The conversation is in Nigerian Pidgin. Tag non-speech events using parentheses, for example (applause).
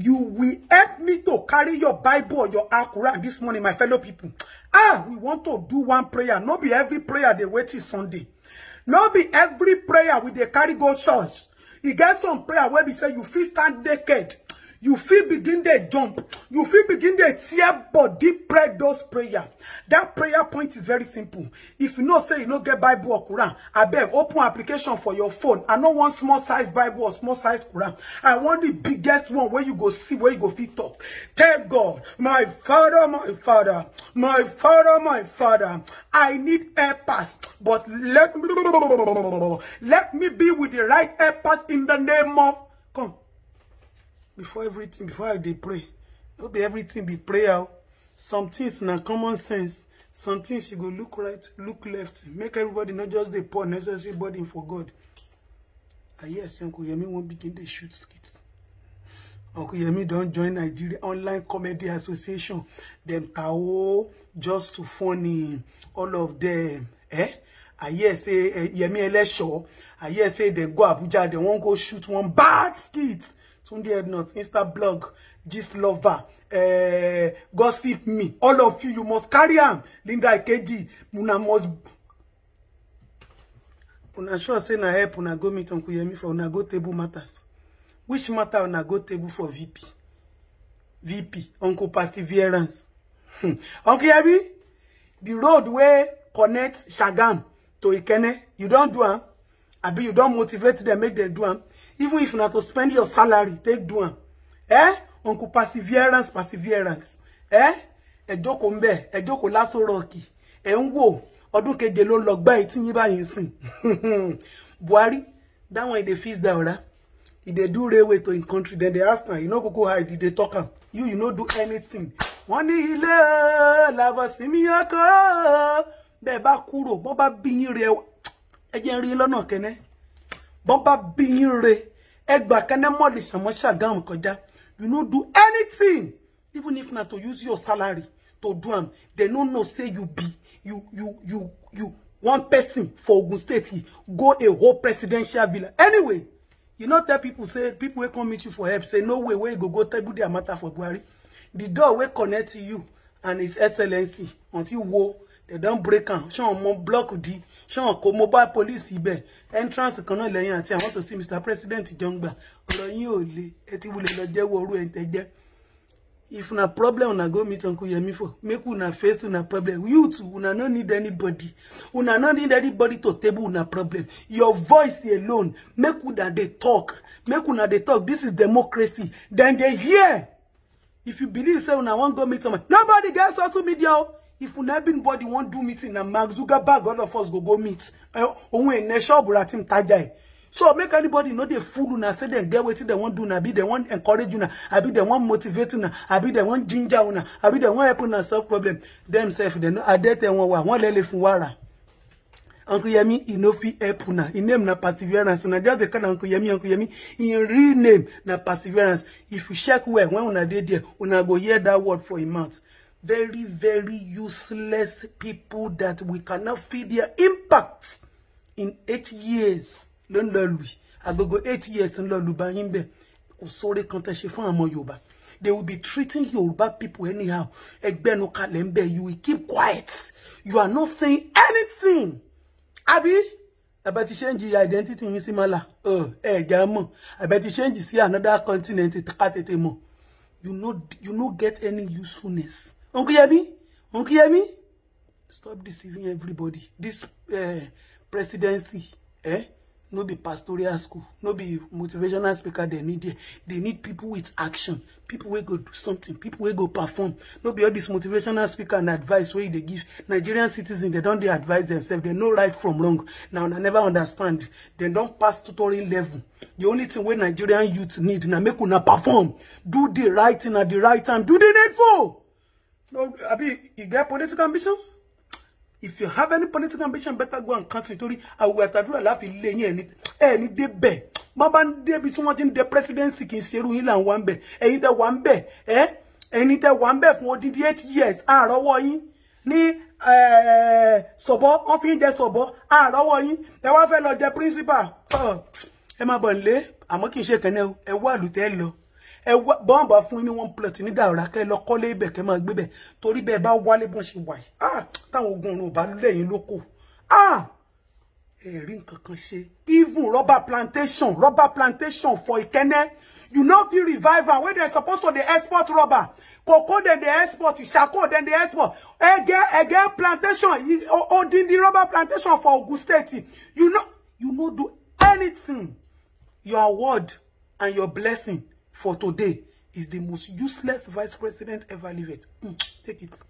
you will help me to carry your Bible or your Quran this morning, my fellow people. Ah, we want to do one prayer. not be every prayer they wait till Sunday. not be every prayer with the carry go church. You e get some prayer where we say you feel stand decade you feel begin dey jump you feel begin dey tear body pray those prayer that prayer point is very simple if you know say you no get bible or quran I beg open application for your phone i no want small size bible or small size quran i want the biggest one where you go see where you go feet talk tell god my father my father my father my father i need pass, but let me let me be with the right pass in the name of before everything before they pray no be everything be prayer some things in a common sense some things you go look right look left make everybody not just the poor necessary Body for god i hear say uncle yemi won't begin dey shoot skits. uncle yemi don't join nigeria online comedy association Them tawo just to funny all of them. eh i hear say eh, yemi elesho i hear say they go abuja They won't go shoot one bad skits. Tunde Insta blog, Gist Lover, uh, Gossip Me. All of you, you must carry on. Linda Ikeji, Muna must... Una sure say na help, una go meet Uncle Yemi for una go table matters. Which matter una go table for VP? VP, Uncle Perseverance. Hmm. Uncle Yemi, the road where connects Shagam to Ikene, you don't do am. Abi, you don't motivate them, make them do am even if you na to spend your salary take do am eh uncle perseverance perseverance eh ẹ jókòó ńbẹ̀ ẹ jókòó laso roki ẹ ń wò ọdún keje ló lọ gba itin yín báyìí sin (laughs) Bwari, that one dey fix that ora e dey do railway to in country then they ask am you no go hide dey talk am you you no do anything wọ́n ní ilé làbọ̀ sinmi ọkọ̀ bẹ́ẹ̀ bá kúrò wọ́n bá bí yín rẹ bọ́n bá bí yín re ẹgbà kan náà mọ́lì sànmọ́ ṣàgámù kọjá you no do anything even if na to use your salary to do am they no know say you be you you you you one person for Ogun State go a whole presidential villa anyway you no tell people say people wey come meet you for help say no way wey go go table their matter for Buhari the door wey connect to you and his excellency until wo they don break am ṣé wọn mọ block di ṣé wọn kó mobile police ibẹ̀ entrance kan náà lẹ́yìn àti àwọn tó sí mr president jọ ń gbà ọ̀rọ̀ yín ò le ẹ ti wulẹ̀ lọ jẹ́wọ́ orú ẹ̀ tẹ́ jẹ́ if na problem una go meet uncle yemi for make una face una problem youth una no need anybody una no need anybody to table una problem your voice alone make una dey talk make una dey talk this is democracy dem dey hear if you believe say una wan go meet someone nobody get social media o if una bin body wan do meeting na mark zuckerberg all of us go go meet ohun ene shop ratim tajai. so make anybody no dey fool una say dem get wetin They want do na be dem wan encourage una abi dem wan motivate una be dem wan ginger una be dem wan help una solve problem dem sef dem no adete wọn wa wọn lele fun wara uncle yemi e no fit help una e name na perseverance una just dey call uncle yemi uncle yemi e real name na perseverance if you check well when una dey there una go hear that word for im mouth very, very useless people that we cannot feel their impact in eight years. ló ń lọ lù yìí agogo eight years ń lọ lù bá yín bẹ̀ kò sóore they will be treating Yorùbá people anyhow ẹgbẹ́nu kalẹ̀ ń you will keep quiet you are not saying anything Abi, àbí àbẹ change your identity yín sí Oh, hey, ẹ̀já I àbẹ ti ṣẹ́ǹjì sí another continent ká tètè mọ̀ you know, you no get any usefulness. Uncle Yemi, Uncle Yemi, stop deceiving everybody. This uh, presidency, eh? no be pastoral school no be motivational speaker They need they dem need people with action people wey go do something people wey go perform no be all this motivational speaker and advice where they give nigerian citizens They don't dey advise themselves They know right from wrong Now una never understand They don't pass tutorial level the only thing where nigerian youth need na make una perform do the right thing at the right time do the needful no abi you get political ambition if you have any political ambition better go and concentrate. I will àtàdúrà láfi lé yín ẹni ẹni débẹ̀ má bá ń débi tí wọ́n ti ń presidency kì í ṣerú yín là ń wá ń bẹ̀ ẹ̀yin tẹ́ wà ń bẹ̀ ẹ́ ẹ̀yin tẹ́ wà ń bẹ̀ fún odidi eight years àárọ̀wọ́ yín ní sọ̀bọ́ eh, wọ́n fi ń jẹ sọ̀bọ́ àárọ̀wọ́ yín ẹ wá fẹ́ lọ jẹ principal Oh, eh, bọ̀ nílé Le, kì í ṣe kẹ́nẹ́ eh, wá àlùtẹ́ lo? ẹ bọ́n bá fún ní one plot ní dàrá kẹ́ lọ kọ́lé ibẹ̀ kẹ́ máa gbébẹ̀ torí bẹ́ẹ̀ bá wálé bọ́n ṣe wà yìí ah, táwọn ogun ọ̀run ò bá lẹ́yìn lóko ah, ẹ̀rí nǹkan kan ṣe even rubber plantation rubber plantation for Ikenne you no fit revive am wey dem suppose to dey export rubber cocoa dem dey export ṣako dem dey export ege ege plantation odindi rubber plantation for Ogun State you no you no do anything your word and your blessing for today is the most useless vice president ever lived. Mm, take it.